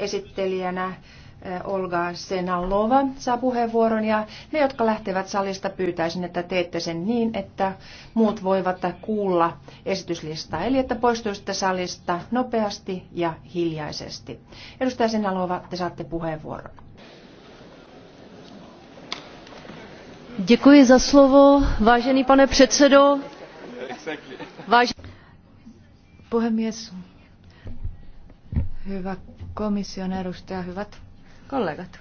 esittelijänä eh, Olga Senalova saa puheenvuoron ja ne, jotka lähtevät salista, pyytäisin, että teette sen niin, että muut voivat kuulla esityslistaa. Eli että poistuisitte salista nopeasti ja hiljaisesti. Edustaja Senalova, te saatte puheenvuoron. Děkuji za slovo, vážený pane předsedo. Váž... Puhemies, hyvä komission edustaja, hyvät kollegat.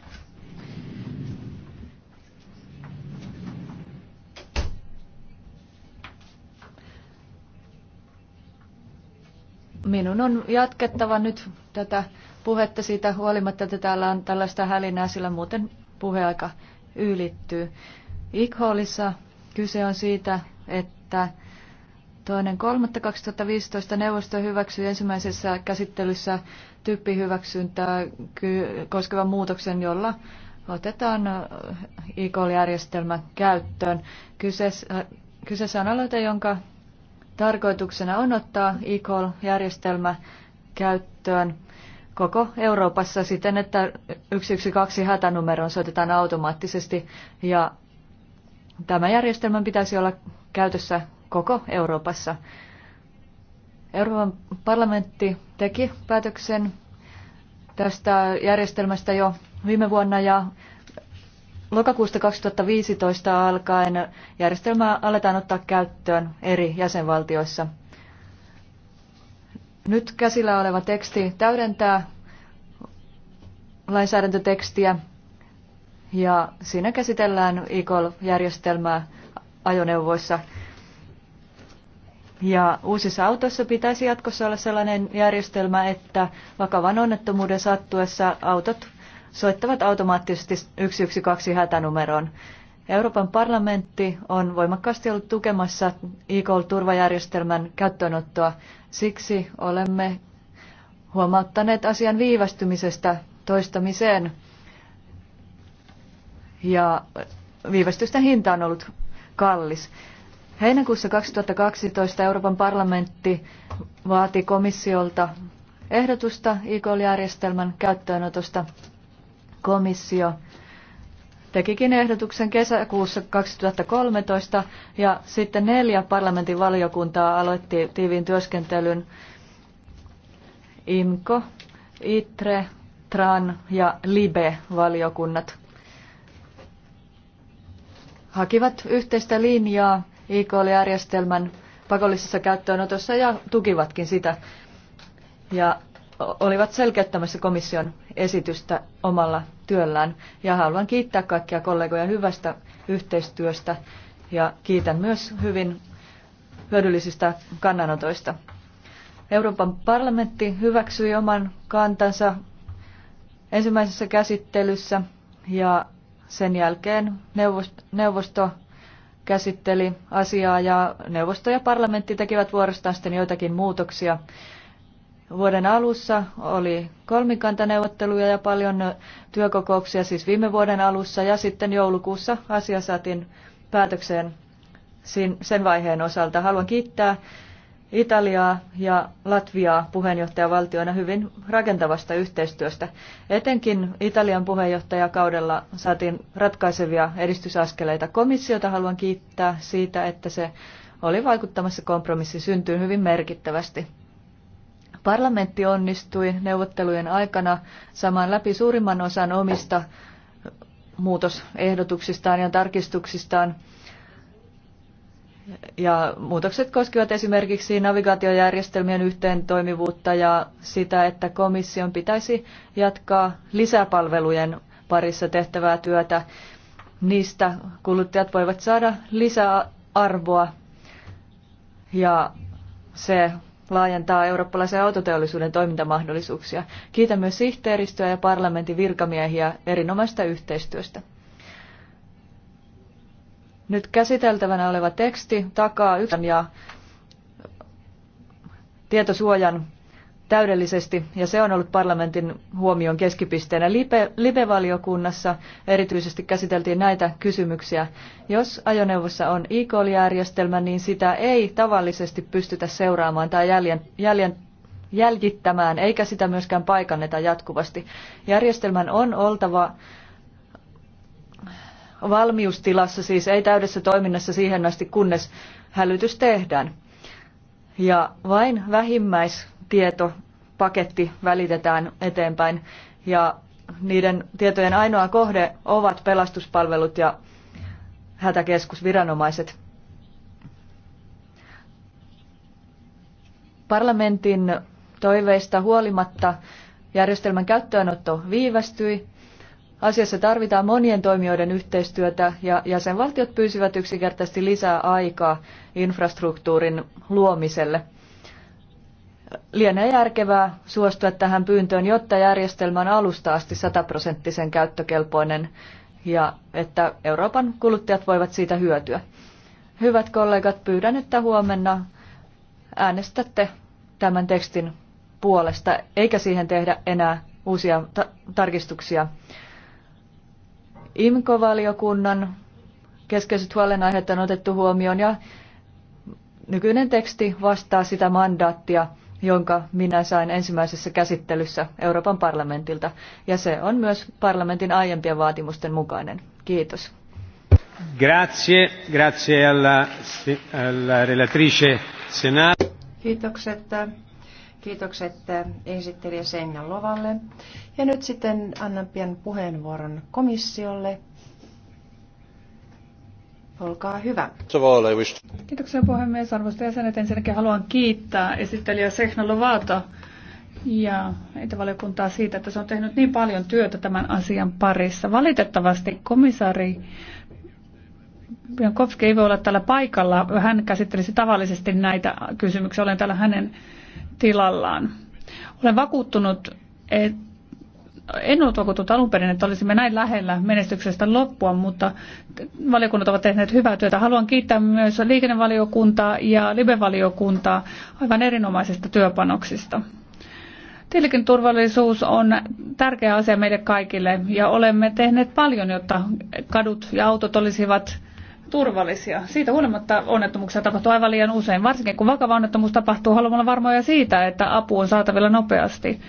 Minun on jatkettava nyt tätä puhetta siitä huolimatta, että täällä on tällaista hälinää, sillä muuten puheaika ylittyy. Ikholissa kyse on siitä, että Toinen kolmatta neuvosto hyväksyi ensimmäisessä käsittelyssä tyyppihyväksyntää koskevan muutoksen, jolla otetaan äh, IKOL-järjestelmä käyttöön. Äh, kyseessä on aloite, jonka tarkoituksena on ottaa IKOL-järjestelmä käyttöön koko Euroopassa siten, että 112 hätänumeroon soitetaan automaattisesti ja tämä järjestelmä pitäisi olla käytössä koko Euroopassa. Euroopan parlamentti teki päätöksen tästä järjestelmästä jo viime vuonna ja lokakuusta 2015 alkaen järjestelmää aletaan ottaa käyttöön eri jäsenvaltioissa. Nyt käsillä oleva teksti täydentää lainsäädäntötekstiä ja siinä käsitellään icol järjestelmää ajoneuvoissa. Ja uusissa autoissa pitäisi jatkossa olla sellainen järjestelmä, että vakavan onnettomuuden sattuessa autot soittavat automaattisesti 112 hätänumeroon. Euroopan parlamentti on voimakkaasti ollut tukemassa e-call-turvajärjestelmän käyttöönottoa. Siksi olemme huomauttaneet asian viivästymisestä toistamiseen. Ja viivästysten hinta on ollut kallis. Heinäkuussa 2012 Euroopan parlamentti vaati komissiolta ehdotusta IKL-järjestelmän käyttöönotosta. Komissio tekikin ehdotuksen kesäkuussa 2013 ja sitten neljä parlamentin valiokuntaa aloitti tiiviin työskentelyn IMKO, ITRE, TRAN ja LIBE-valiokunnat hakivat yhteistä linjaa IKL-järjestelmän pakollisessa käyttöönotossa ja tukivatkin sitä ja olivat selkeyttämässä komission esitystä omalla työllään. Ja haluan kiittää kaikkia kollegoja hyvästä yhteistyöstä ja kiitän myös hyvin hyödyllisistä kannanotoista. Euroopan parlamentti hyväksyi oman kantansa ensimmäisessä käsittelyssä ja sen jälkeen neuvosto käsitteli asiaa ja neuvosto ja parlamentti tekivät vuorostaan sitten joitakin muutoksia. Vuoden alussa oli kolmikantaneuvotteluja ja paljon työkokouksia siis viime vuoden alussa ja sitten joulukuussa asia saatiin päätökseen sen vaiheen osalta. Haluan kiittää Italiaa ja Latviaa puheenjohtajavaltioina hyvin rakentavasta yhteistyöstä. Etenkin Italian puheenjohtajakaudella saatiin ratkaisevia edistysaskeleita. Komissiota haluan kiittää siitä, että se oli vaikuttamassa kompromissi syntyy hyvin merkittävästi. Parlamentti onnistui neuvottelujen aikana saman läpi suurimman osan omista muutosehdotuksistaan ja tarkistuksistaan ja muutokset koskivat esimerkiksi navigaatiojärjestelmien yhteen toimivuutta ja sitä, että komission pitäisi jatkaa lisäpalvelujen parissa tehtävää työtä. Niistä kuluttajat voivat saada lisäarvoa ja se laajentaa eurooppalaisen autoteollisuuden toimintamahdollisuuksia. Kiitän myös sihteeristöä ja parlamentin virkamiehiä erinomaista yhteistyöstä. Nyt käsiteltävänä oleva teksti takaa yksin ja tietosuojan täydellisesti, ja se on ollut parlamentin huomion keskipisteenä live-valiokunnassa. Erityisesti käsiteltiin näitä kysymyksiä. Jos ajoneuvossa on e-call-järjestelmä, niin sitä ei tavallisesti pystytä seuraamaan tai jäljen, jäljen, jäljittämään, eikä sitä myöskään paikanneta jatkuvasti. Järjestelmän on oltava valmiustilassa, siis ei täydessä toiminnassa siihen asti, kunnes hälytys tehdään. Ja vain vähimmäistietopaketti välitetään eteenpäin ja niiden tietojen ainoa kohde ovat pelastuspalvelut ja hätäkeskusviranomaiset. Parlamentin toiveista huolimatta järjestelmän käyttöönotto viivästyi Asiassa tarvitaan monien toimijoiden yhteistyötä ja jäsenvaltiot pyysivät yksinkertaisesti lisää aikaa infrastruktuurin luomiselle. Lienee järkevää suostua tähän pyyntöön, jotta järjestelmä on alusta asti sataprosenttisen käyttökelpoinen ja että Euroopan kuluttajat voivat siitä hyötyä. Hyvät kollegat, pyydän, että huomenna äänestätte tämän tekstin puolesta, eikä siihen tehdä enää uusia ta- tarkistuksia imco valiokunnan keskeiset huolenaiheet on otettu huomioon ja nykyinen teksti vastaa sitä mandaattia, jonka minä sain ensimmäisessä käsittelyssä Euroopan parlamentilta, ja se on myös parlamentin aiempien vaatimusten mukainen. Kiitos. Grazie, grazie alla, alla relatrice Senato. Kiitokset Kiitokset eh, esittelijä Seinä Lovalle. Ja nyt sitten annan pian puheenvuoron komissiolle. Olkaa hyvä. Kiitoksia puhemies. Arvoisat jäsenet, ensinnäkin haluan kiittää esittelijä Sehna Lovata ja valiokuntaa siitä, että se on tehnyt niin paljon työtä tämän asian parissa. Valitettavasti komissaari Jankowski ei voi olla täällä paikalla. Hän käsittelisi tavallisesti näitä kysymyksiä. Olen täällä hänen tilallaan. Olen vakuuttunut, et, en ollut vakuuttunut alun perin, että olisimme näin lähellä menestyksestä loppua, mutta valiokunnat ovat tehneet hyvää työtä. Haluan kiittää myös liikennevaliokuntaa ja libevaliokuntaa aivan erinomaisista työpanoksista. turvallisuus on tärkeä asia meille kaikille ja olemme tehneet paljon, jotta kadut ja autot olisivat turvallisia. Siitä huolimatta onnettomuuksia tapahtuu aivan liian usein. Varsinkin kun vakava onnettomuus tapahtuu, haluamme olla varmoja siitä, että apu on saatavilla nopeasti.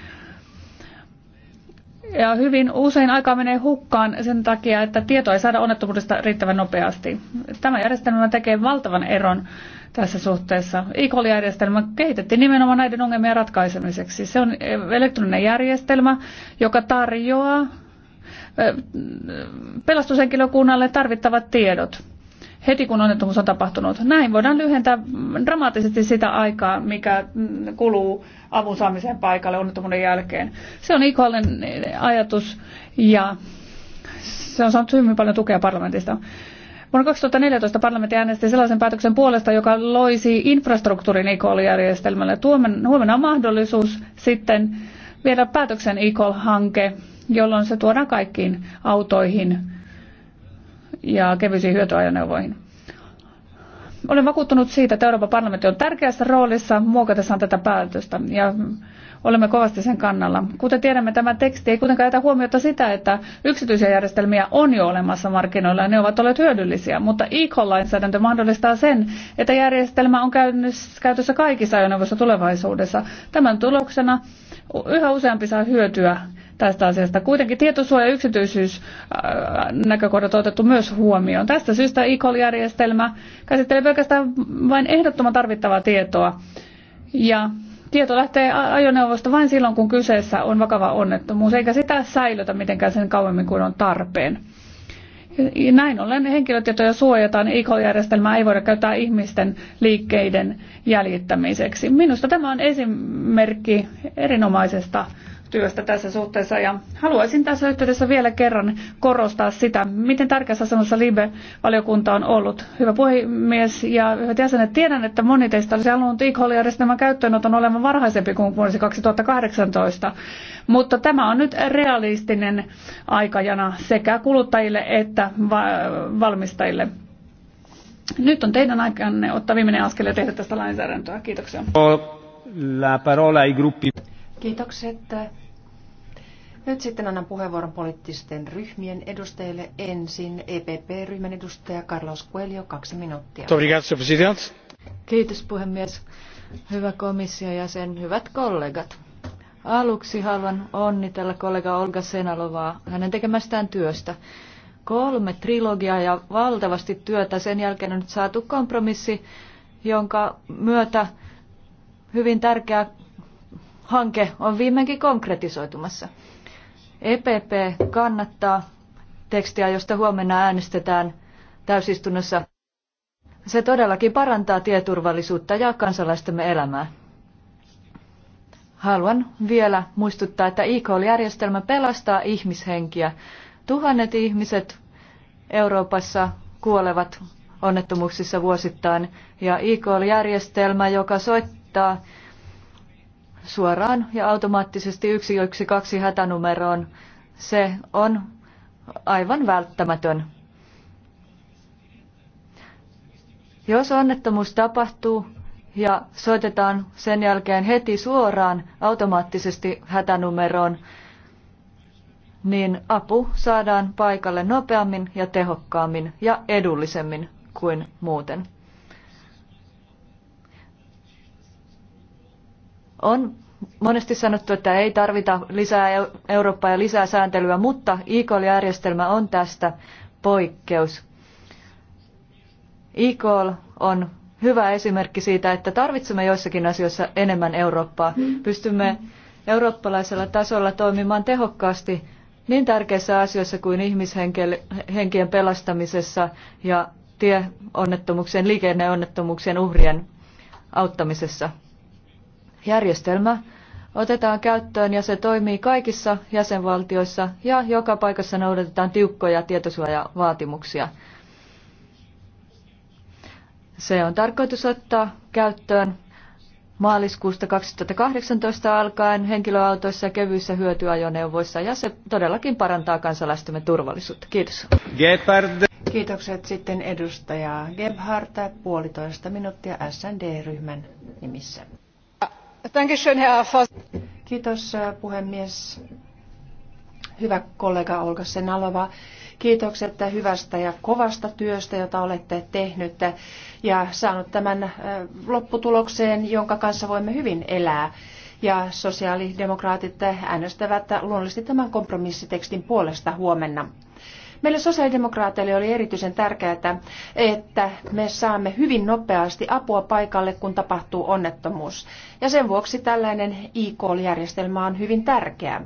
Ja hyvin usein aikaa menee hukkaan sen takia, että tietoa ei saada onnettomuudesta riittävän nopeasti. Tämä järjestelmä tekee valtavan eron tässä suhteessa. E-call-järjestelmä kehitettiin nimenomaan näiden ongelmien ratkaisemiseksi. Se on elektroninen järjestelmä, joka tarjoaa pelastushenkilökunnalle tarvittavat tiedot heti kun onnettomuus on tapahtunut. Näin voidaan lyhentää dramaattisesti sitä aikaa, mikä kuluu avun saamiseen paikalle onnettomuuden jälkeen. Se on IKLn ajatus ja se on saanut hyvin paljon tukea parlamentista. Vuonna 2014 parlamentti äänesti sellaisen päätöksen puolesta, joka loisi infrastruktuurin ICOL-järjestelmälle. Huomenna on mahdollisuus sitten viedä päätöksen ICOL-hanke, jolloin se tuodaan kaikkiin autoihin ja kevyisiin hyötyajoneuvoihin. Olen vakuuttunut siitä, että Euroopan parlamentti on tärkeässä roolissa muokatessaan tätä päätöstä ja olemme kovasti sen kannalla. Kuten tiedämme, tämä teksti ei kuitenkaan jätä huomiota sitä, että yksityisiä järjestelmiä on jo olemassa markkinoilla ja ne ovat olleet hyödyllisiä, mutta e-lainsäädäntö mahdollistaa sen, että järjestelmä on käytössä kaikissa ajoneuvoissa tulevaisuudessa. Tämän tuloksena yhä useampi saa hyötyä tästä asiasta. Kuitenkin tietosuoja- ja yksityisyysnäkökohdat äh, on otettu myös huomioon. Tästä syystä e-call-järjestelmä käsittelee pelkästään vain ehdottoman tarvittavaa tietoa. Ja tieto lähtee ajoneuvosta vain silloin, kun kyseessä on vakava onnettomuus, eikä sitä säilytä mitenkään sen kauemmin kuin on tarpeen. Näin ollen henkilötietoja suojataan, IK-järjestelmää ei voida käyttää ihmisten liikkeiden jäljittämiseksi. Minusta tämä on esimerkki erinomaisesta työstä tässä suhteessa. Ja haluaisin tässä yhteydessä vielä kerran korostaa sitä, miten tärkeässä asemassa LIBE-valiokunta on ollut. Hyvä puhemies ja hyvät jäsenet, tiedän, että moni teistä olisi halunnut IKHOL-järjestelmän käyttöönoton olevan varhaisempi kuin vuosi 2018, mutta tämä on nyt realistinen aikajana sekä kuluttajille että valmistajille. Nyt on teidän aikanne ottaa viimeinen askel ja tehdä tästä lainsäädäntöä. Kiitoksia. La parola ai gruppi. Kiitokset. Nyt sitten annan puheenvuoron poliittisten ryhmien edustajille. Ensin EPP-ryhmän edustaja Carlos Coelho, kaksi minuuttia. Kiitos puhemies. Hyvä komissio ja sen hyvät kollegat. Aluksi haluan onnitella kollega Olga Senalovaa hänen tekemästään työstä. Kolme trilogiaa ja valtavasti työtä. Sen jälkeen on nyt saatu kompromissi, jonka myötä hyvin tärkeä hanke on viimeinkin konkretisoitumassa. EPP kannattaa tekstiä, josta huomenna äänestetään täysistunnossa. Se todellakin parantaa tieturvallisuutta ja kansalaistemme elämää. Haluan vielä muistuttaa, että e-call-järjestelmä pelastaa ihmishenkiä. Tuhannet ihmiset Euroopassa kuolevat onnettomuuksissa vuosittain ja e-call-järjestelmä, joka soittaa suoraan ja automaattisesti 112 hätänumeroon. Se on aivan välttämätön. Jos onnettomuus tapahtuu ja soitetaan sen jälkeen heti suoraan automaattisesti hätänumeroon, niin apu saadaan paikalle nopeammin ja tehokkaammin ja edullisemmin kuin muuten. On monesti sanottu, että ei tarvita lisää Eurooppaa ja lisää sääntelyä, mutta e järjestelmä on tästä poikkeus. e on hyvä esimerkki siitä, että tarvitsemme joissakin asioissa enemmän Eurooppaa. Pystymme eurooppalaisella tasolla toimimaan tehokkaasti niin tärkeissä asioissa kuin ihmishenkien pelastamisessa ja tieonnettomuuksien, liikenneonnettomuuksien uhrien auttamisessa. Järjestelmä otetaan käyttöön ja se toimii kaikissa jäsenvaltioissa ja joka paikassa noudatetaan tiukkoja tietosuojavaatimuksia. Se on tarkoitus ottaa käyttöön maaliskuusta 2018 alkaen henkilöautoissa ja kevyissä hyötyajoneuvoissa ja se todellakin parantaa kansalaistemme turvallisuutta. Kiitos. Gepard. Kiitokset sitten edustaja Gebhardt, puolitoista minuuttia SND-ryhmän nimissä. Kiitos äh, puhemies. Hyvä kollega Olga Senalova, kiitokset hyvästä ja kovasta työstä, jota olette tehnyt ja saanut tämän äh, lopputulokseen, jonka kanssa voimme hyvin elää. Ja sosiaalidemokraatit äänestävät luonnollisesti tämän kompromissitekstin puolesta huomenna. Meille sosiaalidemokraateille oli erityisen tärkeää, että me saamme hyvin nopeasti apua paikalle, kun tapahtuu onnettomuus. Ja sen vuoksi tällainen e-call-järjestelmä on hyvin tärkeä.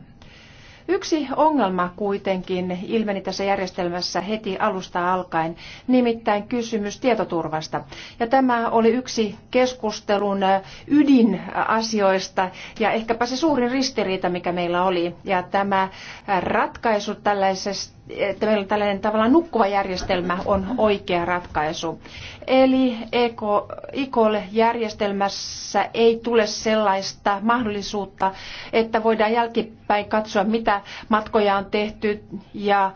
Yksi ongelma kuitenkin ilmeni tässä järjestelmässä heti alusta alkaen, nimittäin kysymys tietoturvasta. Ja tämä oli yksi keskustelun ydinasioista ja ehkäpä se suurin ristiriita, mikä meillä oli. Ja tämä ratkaisu tällaisesta että meillä tällainen tavallaan nukkuva järjestelmä on oikea ratkaisu. Eli e ikolle järjestelmässä ei tule sellaista mahdollisuutta, että voidaan jälkipäin katsoa, mitä matkoja on tehty ja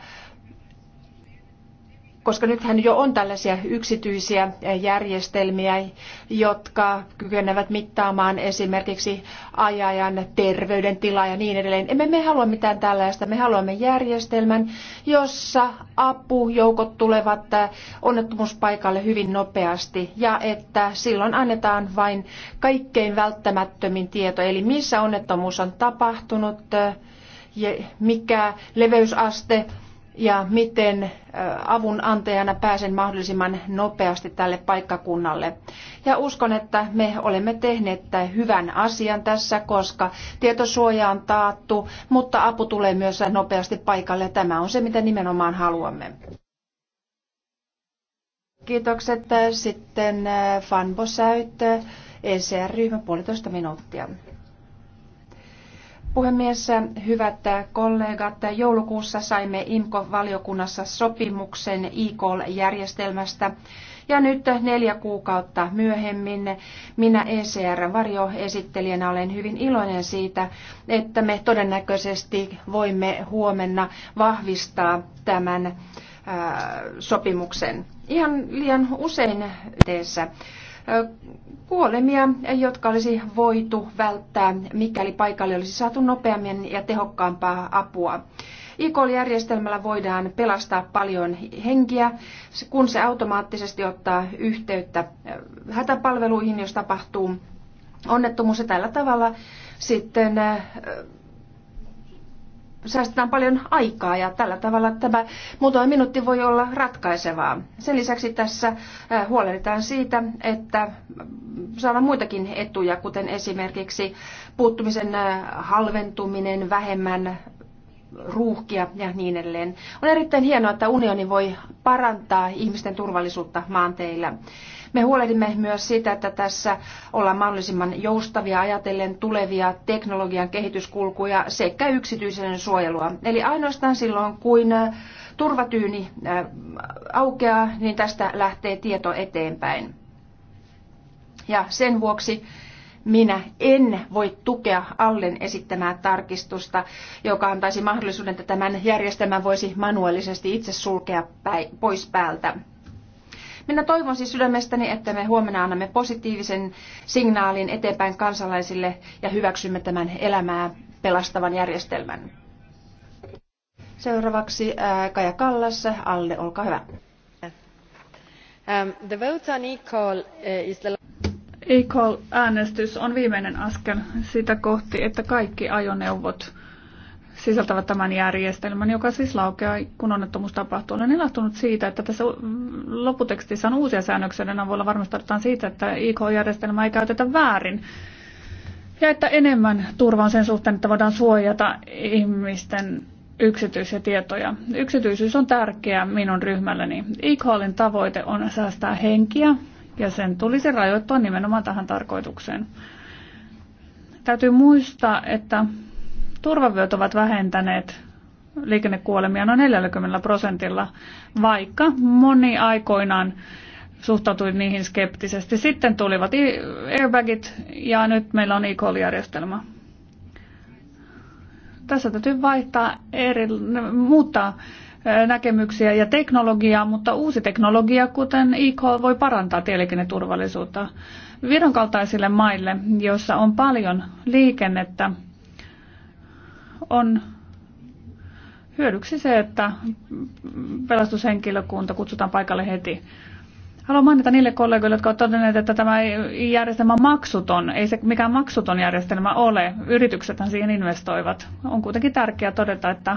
koska nythän jo on tällaisia yksityisiä järjestelmiä, jotka kykenevät mittaamaan esimerkiksi ajajan terveydentilaa ja niin edelleen. Emme me halua mitään tällaista. Me haluamme järjestelmän, jossa apujoukot tulevat onnettomuuspaikalle hyvin nopeasti ja että silloin annetaan vain kaikkein välttämättömin tieto, eli missä onnettomuus on tapahtunut, ja mikä leveysaste ja miten avunantajana pääsen mahdollisimman nopeasti tälle paikkakunnalle. Ja uskon, että me olemme tehneet hyvän asian tässä, koska tietosuoja on taattu, mutta apu tulee myös nopeasti paikalle. Tämä on se, mitä nimenomaan haluamme. Kiitokset. Sitten Fan Bosäyt, ECR-ryhmä, puolitoista minuuttia puhemies, hyvät kollegat, joulukuussa saimme imco valiokunnassa sopimuksen IKOL-järjestelmästä. Ja nyt neljä kuukautta myöhemmin minä ECR-varjoesittelijänä olen hyvin iloinen siitä, että me todennäköisesti voimme huomenna vahvistaa tämän äh, sopimuksen. Ihan liian usein teessä kuolemia, jotka olisi voitu välttää, mikäli paikalle olisi saatu nopeammin ja tehokkaampaa apua. ikl järjestelmällä voidaan pelastaa paljon henkiä, kun se automaattisesti ottaa yhteyttä äh, hätäpalveluihin, jos tapahtuu onnettomuus. Ja tällä tavalla sitten äh, säästetään paljon aikaa ja tällä tavalla tämä muutama minuutti voi olla ratkaisevaa. Sen lisäksi tässä eh, huolehditaan siitä, että saadaan muitakin etuja, kuten esimerkiksi puuttumisen eh, halventuminen, vähemmän ruuhkia ja niin edelleen. On erittäin hienoa, että unioni voi parantaa ihmisten turvallisuutta maanteillä. Me huolehdimme myös siitä, että tässä ollaan mahdollisimman joustavia ajatellen tulevia teknologian kehityskulkuja sekä yksityisen suojelua. Eli ainoastaan silloin, kun äh, turvatyyni äh, aukeaa, niin tästä lähtee tieto eteenpäin. Ja sen vuoksi minä en voi tukea Allen esittämää tarkistusta, joka antaisi mahdollisuuden, että tämän järjestelmän voisi manuaalisesti itse sulkea pois päältä. Minä toivon siis sydämestäni, että me huomenna annamme positiivisen signaalin eteenpäin kansalaisille ja hyväksymme tämän elämää pelastavan järjestelmän. Seuraavaksi äh, Kaja Kallas, Alle, olkaa hyvä. Um, the vote on equal, uh, is the... E-call-äänestys on viimeinen askel sitä kohti, että kaikki ajoneuvot sisältävät tämän järjestelmän, joka siis laukeaa, kun onnettomuus tapahtuu. Olen ilahtunut siitä, että tässä loputekstissä on uusia säännöksiä, joiden avulla varmistetaan siitä, että ik järjestelmä ei käytetä väärin. Ja että enemmän turva on sen suhteen, että voidaan suojata ihmisten yksityisiä tietoja. Yksityisyys on tärkeää minun ryhmälleni. IKOLin tavoite on säästää henkiä, ja sen tulisi rajoittua nimenomaan tähän tarkoitukseen. Täytyy muistaa, että turvavyöt ovat vähentäneet liikennekuolemia noin 40 prosentilla, vaikka moni aikoinaan suhtautui niihin skeptisesti. Sitten tulivat airbagit ja nyt meillä on e-call-järjestelmä. Tässä täytyy vaihtaa eri, muuttaa näkemyksiä ja teknologiaa, mutta uusi teknologia, kuten e voi parantaa tieliikenneturvallisuutta. Viron kaltaisille maille, joissa on paljon liikennettä, on hyödyksi se, että pelastushenkilökunta kutsutaan paikalle heti. Haluan mainita niille kollegoille, jotka ovat todenneet, että tämä järjestelmä on maksuton. Ei se mikään maksuton järjestelmä ole. Yrityksethän siihen investoivat. On kuitenkin tärkeää todeta, että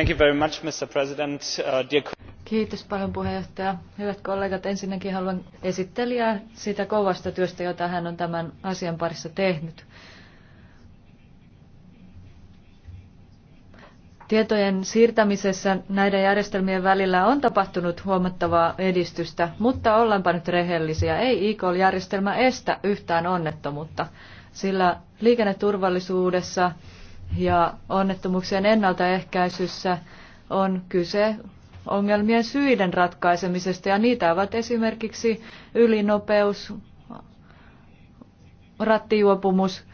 Uh, Kiitos Hyvät kollegat, ensinnäkin haluan esittelijää siitä kovasta työstä, jota hän on tämän asian parissa tehnyt. Tietojen siirtämisessä näiden järjestelmien välillä on tapahtunut huomattavaa edistystä, mutta ollaanpa nyt rehellisiä. Ei ecall järjestelmä estä yhtään onnettomuutta, sillä liikenneturvallisuudessa ja onnettomuuksien ennaltaehkäisyssä on kyse ongelmien syiden ratkaisemisesta ja niitä ovat esimerkiksi ylinopeus, rattijuopumus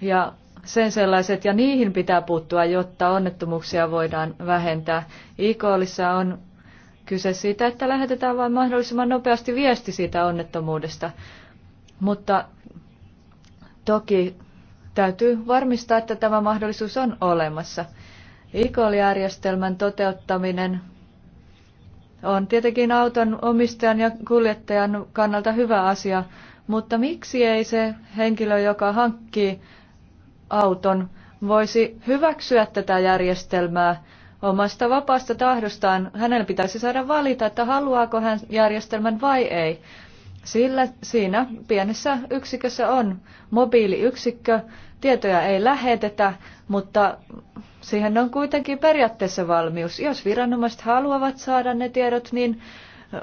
ja sen sellaiset ja niihin pitää puuttua, jotta onnettomuuksia voidaan vähentää. IKOLissa on kyse siitä, että lähetetään vain mahdollisimman nopeasti viesti siitä onnettomuudesta, mutta toki Täytyy varmistaa, että tämä mahdollisuus on olemassa. ICOL-järjestelmän toteuttaminen on tietenkin auton omistajan ja kuljettajan kannalta hyvä asia, mutta miksi ei se henkilö, joka hankkii auton, voisi hyväksyä tätä järjestelmää omasta vapaasta tahdostaan? Hänellä pitäisi saada valita, että haluaako hän järjestelmän vai ei. Sillä siinä pienessä yksikössä on mobiiliyksikkö, tietoja ei lähetetä, mutta siihen on kuitenkin periaatteessa valmius. Jos viranomaiset haluavat saada ne tiedot, niin äh,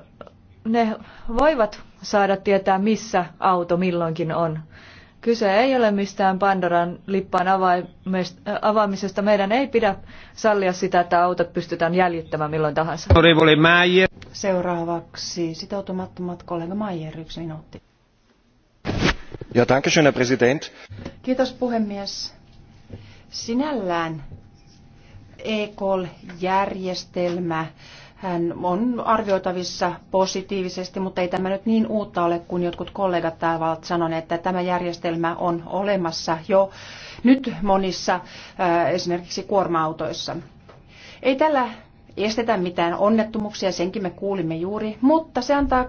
ne voivat saada tietää, missä auto milloinkin on. Kyse ei ole mistään Pandoran lippaan avaamisesta. Meidän ei pidä sallia sitä, että autot pystytään jäljittämään milloin tahansa. Seuraavaksi sitoutumattomat kollega Maier, yksi minuutti. Ja, danke schön, Herr Präsident. Kiitos puhemies. Sinällään EKOL-järjestelmä hän on arvioitavissa positiivisesti, mutta ei tämä nyt niin uutta ole kuin jotkut kollegat täällä ovat sanoneet, että tämä järjestelmä on olemassa jo nyt monissa äh, esimerkiksi kuorma-autoissa. Ei tällä estetä mitään onnettomuuksia, senkin me kuulimme juuri, mutta se antaa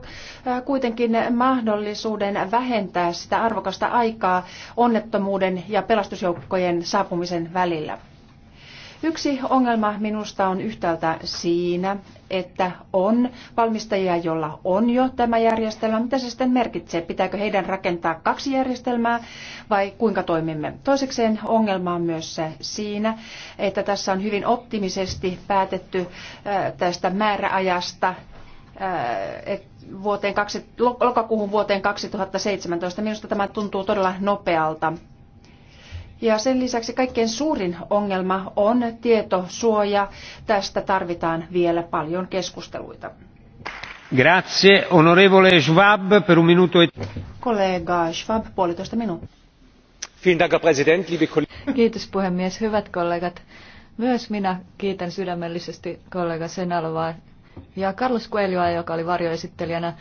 äh, kuitenkin mahdollisuuden vähentää sitä arvokasta aikaa onnettomuuden ja pelastusjoukkojen saapumisen välillä. Yksi ongelma minusta on yhtäältä siinä, että on valmistajia, jolla on jo tämä järjestelmä. Mitä se sitten merkitsee? Pitääkö heidän rakentaa kaksi järjestelmää vai kuinka toimimme? Toisekseen ongelma on myös siinä, että tässä on hyvin optimisesti päätetty äh, tästä määräajasta äh, vuoteen, lokakuuhun vuoteen 2017. Minusta tämä tuntuu todella nopealta. Ja sen lisäksi kaikkein suurin ongelma on tietosuoja. Tästä tarvitaan vielä paljon keskusteluita. Grazie, onorevole Schwab, per un minuto. E- kollega Schwab, puolitoista minuuttia. Kiitos puhemies, hyvät kollegat. Myös minä kiitän sydämellisesti kollega Senalovaa ja Carlos Coelhoa, joka oli varjoesittelijänä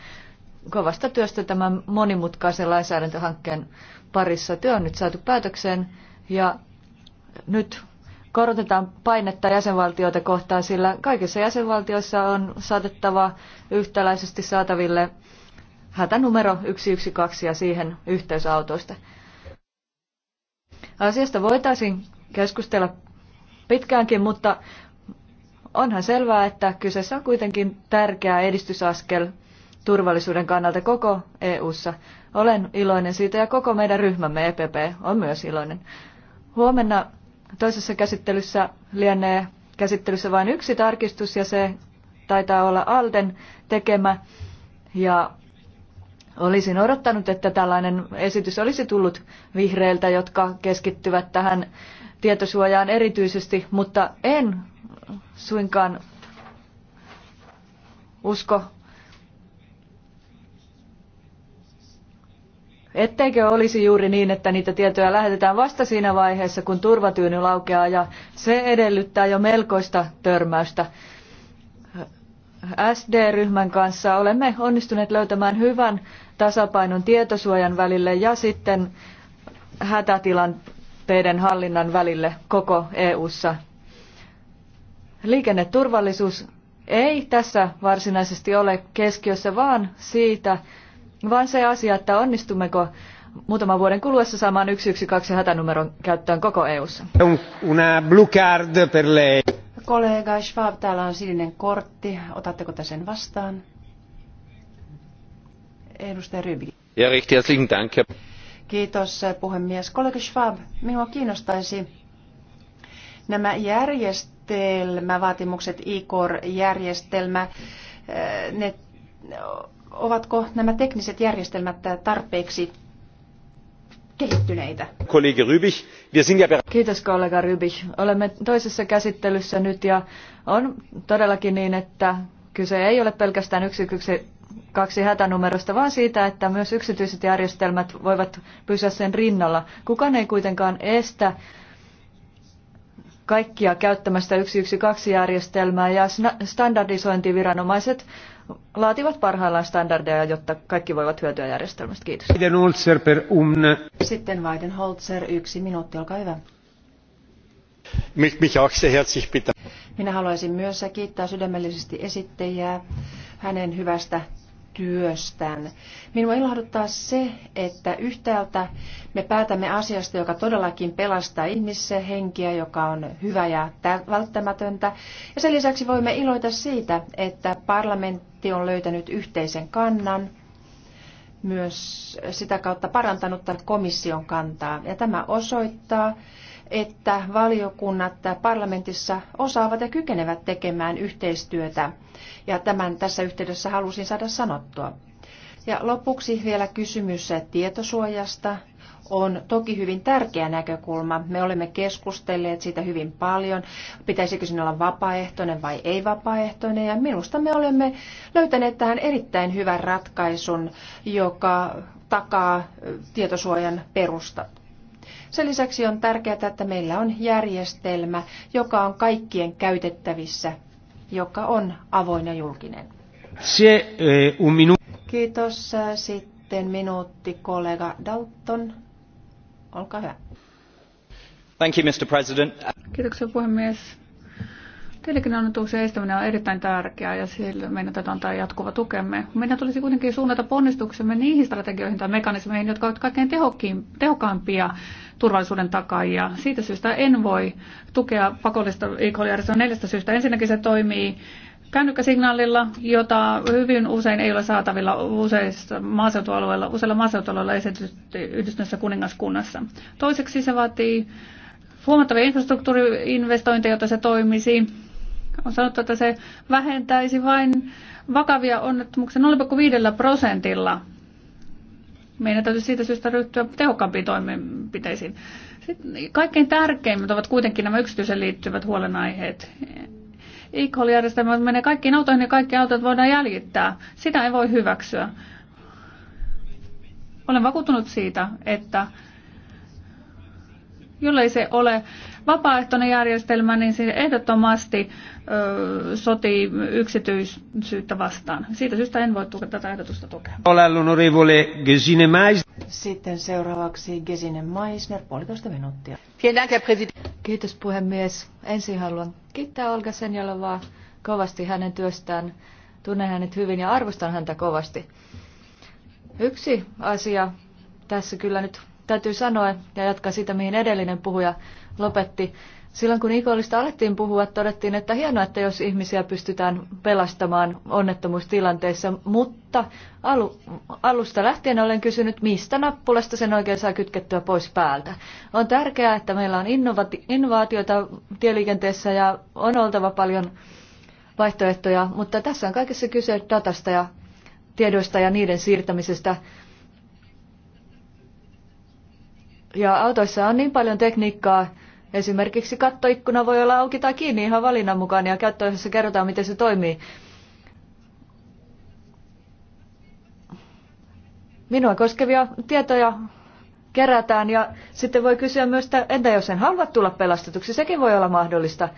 kovasta työstä tämän monimutkaisen lainsäädäntöhankkeen parissa. Työ on nyt saatu päätökseen ja nyt korotetaan painetta jäsenvaltioita kohtaan, sillä kaikissa jäsenvaltioissa on saatettava yhtäläisesti saataville hätänumero 112 ja siihen yhteysautoista. Asiasta voitaisiin keskustella pitkäänkin, mutta onhan selvää, että kyseessä on kuitenkin tärkeä edistysaskel turvallisuuden kannalta koko EU:ssa. Olen iloinen siitä ja koko meidän ryhmämme EPP on myös iloinen. Huomenna toisessa käsittelyssä lienee käsittelyssä vain yksi tarkistus ja se taitaa olla Alden tekemä. Ja olisin odottanut, että tällainen esitys olisi tullut vihreiltä, jotka keskittyvät tähän tietosuojaan erityisesti, mutta en suinkaan usko Etteikö olisi juuri niin, että niitä tietoja lähetetään vasta siinä vaiheessa, kun turvatyyny laukeaa ja se edellyttää jo melkoista törmäystä. SD-ryhmän kanssa olemme onnistuneet löytämään hyvän tasapainon tietosuojan välille ja sitten hätätilanteiden hallinnan välille koko EU:ssa. Liikenneturvallisuus ei tässä varsinaisesti ole keskiössä, vaan siitä, vaan se asia, että onnistummeko muutaman vuoden kuluessa saamaan 112 hätänumeron käyttöön koko EU:ssa. Una blue card per lei. Kollega Schwab, täällä on sininen kortti. Otatteko te sen vastaan? Edustaja Rybi. Ja richtig herzlichen Dank. Kiitos puhemies. Kollega Schwab, minua kiinnostaisi nämä järjestelmävaatimukset, ICOR-järjestelmä, eh, ne ovatko nämä tekniset järjestelmät tarpeeksi kehittyneitä? Kiitos kollega Rybich. Olemme toisessa käsittelyssä nyt ja on todellakin niin, että kyse ei ole pelkästään yksi yksi kaksi hätänumerosta, vaan siitä, että myös yksityiset järjestelmät voivat pysyä sen rinnalla. Kukaan ei kuitenkaan estä kaikkia käyttämästä 112-järjestelmää ja standardisointiviranomaiset laativat parhaillaan standardeja, jotta kaikki voivat hyötyä järjestelmästä. Kiitos. Sitten Weidenholzer, yksi minuutti, olkaa hyvä. Minä haluaisin myös kiittää sydämellisesti esittäjää hänen hyvästä työstään. Minua ilahduttaa se, että yhtäältä me päätämme asiasta, joka todellakin pelastaa ihmisen henkiä, joka on hyvä ja välttämätöntä. Ja sen lisäksi voimme iloita siitä, että parlamentti on löytänyt yhteisen kannan, myös sitä kautta parantanut komission kantaa. Ja tämä osoittaa, että valiokunnat parlamentissa osaavat ja kykenevät tekemään yhteistyötä. Ja tämän tässä yhteydessä halusin saada sanottua. Ja lopuksi vielä kysymys tietosuojasta on toki hyvin tärkeä näkökulma. Me olemme keskustelleet siitä hyvin paljon, pitäisikö sinne olla vapaaehtoinen vai ei vapaaehtoinen. Ja minusta me olemme löytäneet tähän erittäin hyvän ratkaisun, joka takaa tietosuojan perustat. Sen lisäksi on tärkeää, että meillä on järjestelmä, joka on kaikkien käytettävissä, joka on avoin ja julkinen. Se, eh, un minu- Kiitos. Sitten minuutti kollega Dalton. Olkaa hyvä. Thank you, Mr. President. Kiitoksia puhemies. Tietenkin estäminen on erittäin tärkeää ja sillä meidän täytyy antaa jatkuva tukemme. Meidän tulisi kuitenkin suunnata ponnistuksemme niihin strategioihin tai mekanismeihin, jotka ovat kaikkein tehokkaimpia turvallisuuden takaajia. Siitä syystä en voi tukea pakollista e neljästä syystä. Ensinnäkin se toimii kännykkäsignaalilla, jota hyvin usein ei ole saatavilla useissa maaseutualueilla, useilla maaseutualueilla esitetty yhdistyneessä kuningaskunnassa. Toiseksi se vaatii huomattavia infrastruktuuriinvestointeja, jotta se toimisi. On sanottu, että se vähentäisi vain vakavia onnettomuuksia 0,5 prosentilla meidän täytyy siitä syystä ryhtyä tehokkaampiin toimenpiteisiin. Sitten kaikkein tärkeimmät ovat kuitenkin nämä yksityisen liittyvät huolenaiheet. E-call-järjestelmä menee kaikkiin autoihin ja kaikki autot voidaan jäljittää. Sitä ei voi hyväksyä. Olen vakuuttunut siitä, että jollei se ole vapaaehtoinen järjestelmä, niin se ehdottomasti ö, sotii yksityisyyttä vastaan. Siitä syystä en voi tukea tätä ehdotusta tukea. Sitten seuraavaksi Gesine Meisner, puolitoista minuuttia. Kiitos puhemies. Ensin haluan kiittää Olga Senjalovaa kovasti hänen työstään. Tunnen hänet hyvin ja arvostan häntä kovasti. Yksi asia tässä kyllä nyt täytyy sanoa ja jatkaa sitä, mihin edellinen puhuja lopetti. Silloin kun Ikolista alettiin puhua, todettiin, että hienoa, että jos ihmisiä pystytään pelastamaan onnettomuustilanteissa, mutta alu, alusta lähtien olen kysynyt, mistä nappulasta sen oikein saa kytkettyä pois päältä. On tärkeää, että meillä on innovati, innovaatioita tieliikenteessä ja on oltava paljon vaihtoehtoja, mutta tässä on kaikessa kyse datasta ja tiedoista ja niiden siirtämisestä ja autoissa on niin paljon tekniikkaa, Esimerkiksi kattoikkuna voi olla auki tai kiinni ihan valinnan mukaan ja käyttöohjeessa kerrotaan, miten se toimii. Minua koskevia tietoja kerätään ja sitten voi kysyä myös, että entä jos en halua tulla pelastetuksi, sekin voi olla mahdollista.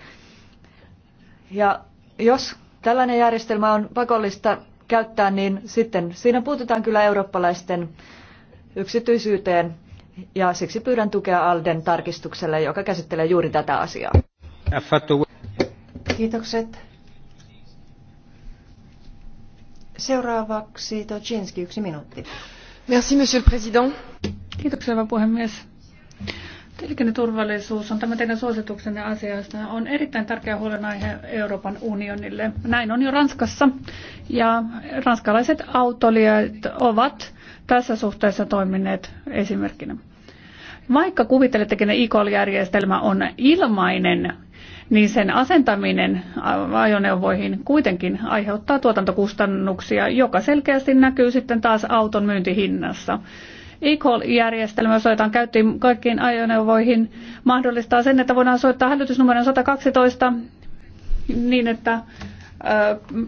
Ja jos tällainen järjestelmä on pakollista käyttää, niin sitten siinä puututaan kyllä eurooppalaisten yksityisyyteen ja siksi pyydän tukea Alden tarkistukselle, joka käsittelee juuri tätä asiaa. Kiitokset. Seuraavaksi Tocinski, yksi minuutti. Merci, monsieur le président. Kiitoksia, hyvä puhemies. turvallisuus on tämä teidän suosituksenne asiasta. On erittäin tärkeä huolenaihe Euroopan unionille. Näin on jo Ranskassa. Ja ranskalaiset autolijat ovat tässä suhteessa toimineet esimerkkinä. Vaikka kuvittelettekin, että e-call-järjestelmä on ilmainen, niin sen asentaminen ajoneuvoihin kuitenkin aiheuttaa tuotantokustannuksia, joka selkeästi näkyy sitten taas auton myyntihinnassa. E-call-järjestelmä, jos otetaan käyttöön kaikkiin ajoneuvoihin, mahdollistaa sen, että voidaan soittaa hälytysnumeron 112 niin, että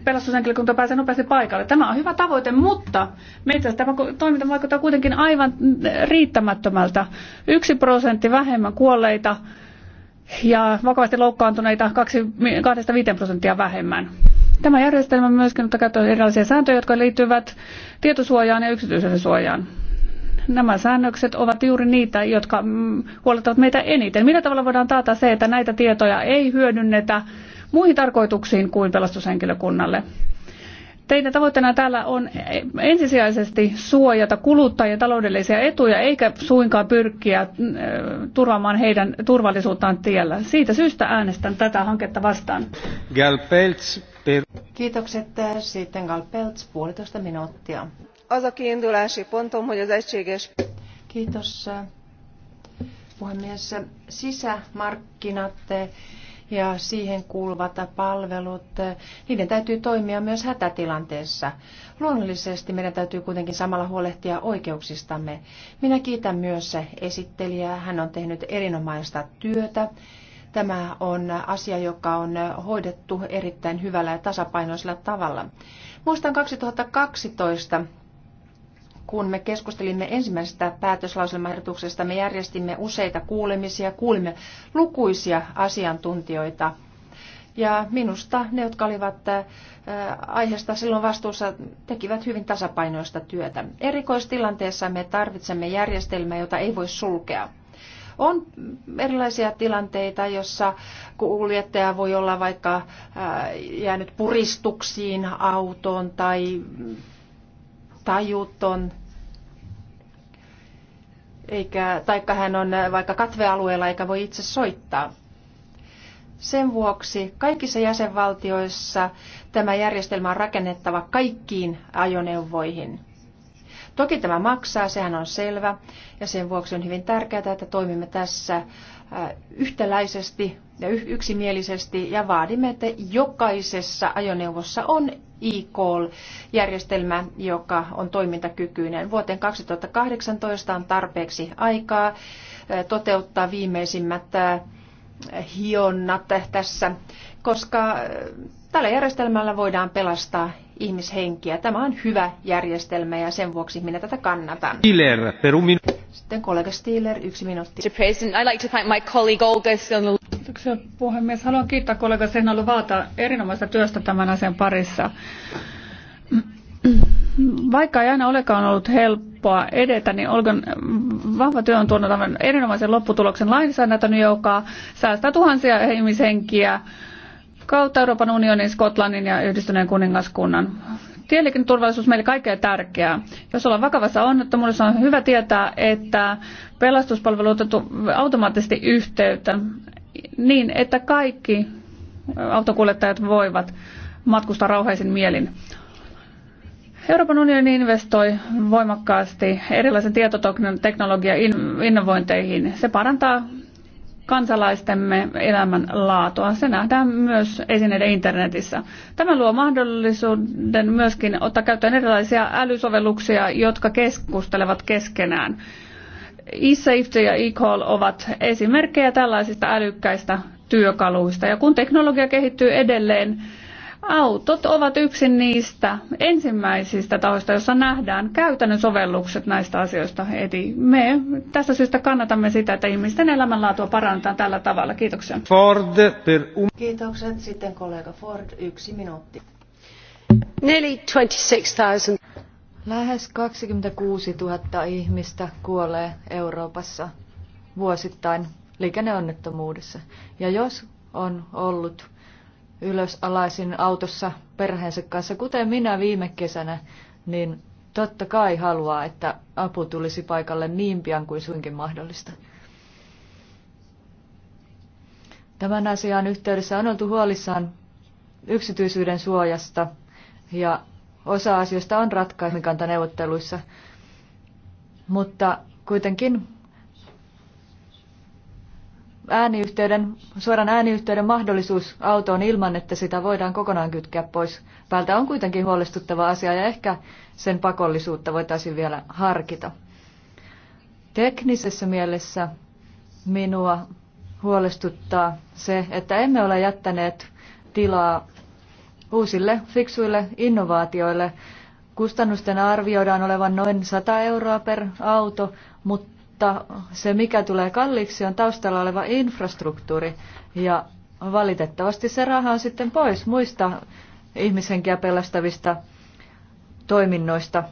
pelastushenkilökunta pääsee nopeasti paikalle. Tämä on hyvä tavoite, mutta meitä tämä toiminta vaikuttaa kuitenkin aivan riittämättömältä. Yksi prosentti vähemmän kuolleita ja vakavasti loukkaantuneita 2-5 prosenttia vähemmän. Tämä järjestelmä myöskin ottaa käyttöön erilaisia sääntöjä, jotka liittyvät tietosuojaan ja yksityisen suojaan. Nämä säännökset ovat juuri niitä, jotka mm, huolettavat meitä eniten. Millä tavalla voidaan taata se, että näitä tietoja ei hyödynnetä muihin tarkoituksiin kuin pelastushenkilökunnalle. Teidän tavoitteena täällä on ensisijaisesti suojata kuluttajien taloudellisia etuja eikä suinkaan pyrkiä äh, turvaamaan heidän turvallisuuttaan tiellä. Siitä syystä äänestän tätä hanketta vastaan. Galpelts, Kiitokset. Sitten Galpelts, puolitoista minuuttia. Kiitos äh, puhemies. Sisämarkkinat ja siihen kuuluvat palvelut, niiden täytyy toimia myös hätätilanteessa. Luonnollisesti meidän täytyy kuitenkin samalla huolehtia oikeuksistamme. Minä kiitän myös esittelijää. Hän on tehnyt erinomaista työtä. Tämä on asia, joka on hoidettu erittäin hyvällä ja tasapainoisella tavalla. Muistan 2012 kun me keskustelimme ensimmäisestä päätöslauselmaehdotuksesta, me järjestimme useita kuulemisia, kuulimme lukuisia asiantuntijoita. Ja minusta ne, jotka olivat äh, aiheesta silloin vastuussa, tekivät hyvin tasapainoista työtä. Erikoistilanteessa me tarvitsemme järjestelmää, jota ei voi sulkea. On erilaisia tilanteita, jossa kuljettaja voi olla vaikka äh, jäänyt puristuksiin autoon tai tajuton, eikä, taikka hän on vaikka katvealueella eikä voi itse soittaa. Sen vuoksi kaikissa jäsenvaltioissa tämä järjestelmä on rakennettava kaikkiin ajoneuvoihin. Toki tämä maksaa, sehän on selvä, ja sen vuoksi on hyvin tärkeää, että toimimme tässä äh, yhtäläisesti ja yksimielisesti ja vaadimme, että jokaisessa ajoneuvossa on e-call-järjestelmä, joka on toimintakykyinen. Vuoteen 2018 on tarpeeksi aikaa eh, toteuttaa viimeisimmät eh, hionnat tässä, koska eh, Tällä järjestelmällä voidaan pelastaa ihmishenkiä. Tämä on hyvä järjestelmä ja sen vuoksi minä tätä kannatan. Stiller, peru Sitten kollega Stiller, yksi minuutti. Kiitoksia puhemies. Haluan kiittää kollega Sehnalu Vaata erinomaista työstä tämän asian parissa. Vaikka ei aina olekaan ollut helppoa edetä, niin Olgan vahva työ on tuonut erinomaisen lopputuloksen lainsäädäntöön, joka säästää tuhansia ihmishenkiä kautta Euroopan unionin, Skotlannin ja Yhdistyneen kuningaskunnan. Tieliikenneturvallisuus meille kaikkein tärkeää. Jos ollaan vakavassa onnettomuudessa, on hyvä tietää, että pelastuspalvelu on automaattisesti yhteyttä niin, että kaikki autokuljettajat voivat matkustaa rauhaisin mielin. Euroopan unioni investoi voimakkaasti erilaisen tietoteknologian innovointeihin. Se parantaa kansalaistemme elämän laatua. Se nähdään myös esineiden internetissä. Tämä luo mahdollisuuden myöskin ottaa käyttöön erilaisia älysovelluksia, jotka keskustelevat keskenään. E-Safety ja eCall ovat esimerkkejä tällaisista älykkäistä työkaluista. Ja kun teknologia kehittyy edelleen, Autot ovat yksi niistä ensimmäisistä tahoista, jossa nähdään käytännön sovellukset näistä asioista. Eli me tästä syystä kannatamme sitä, että ihmisten elämänlaatua parantaa tällä tavalla. Kiitoksia. Ford per um... Kiitokset. Sitten kollega Ford, yksi minuutti. Nearly 26 000. Lähes 26 000 ihmistä kuolee Euroopassa vuosittain liikenneonnettomuudessa. Ja jos on ollut ylösalaisin autossa perheensä kanssa, kuten minä viime kesänä, niin totta kai haluaa, että apu tulisi paikalle niin pian kuin suinkin mahdollista. Tämän asian yhteydessä on oltu huolissaan yksityisyyden suojasta ja osa asioista on neuvotteluissa, mutta kuitenkin ääniyhteyden, suoran ääniyhteyden mahdollisuus autoon ilman, että sitä voidaan kokonaan kytkeä pois päältä on kuitenkin huolestuttava asia ja ehkä sen pakollisuutta voitaisiin vielä harkita. Teknisessä mielessä minua huolestuttaa se, että emme ole jättäneet tilaa uusille fiksuille innovaatioille. Kustannusten arvioidaan olevan noin 100 euroa per auto, mutta mutta se mikä tulee kalliiksi on taustalla oleva infrastruktuuri ja valitettavasti se raha on sitten pois muista ihmishenkiä pelastavista toiminnoista.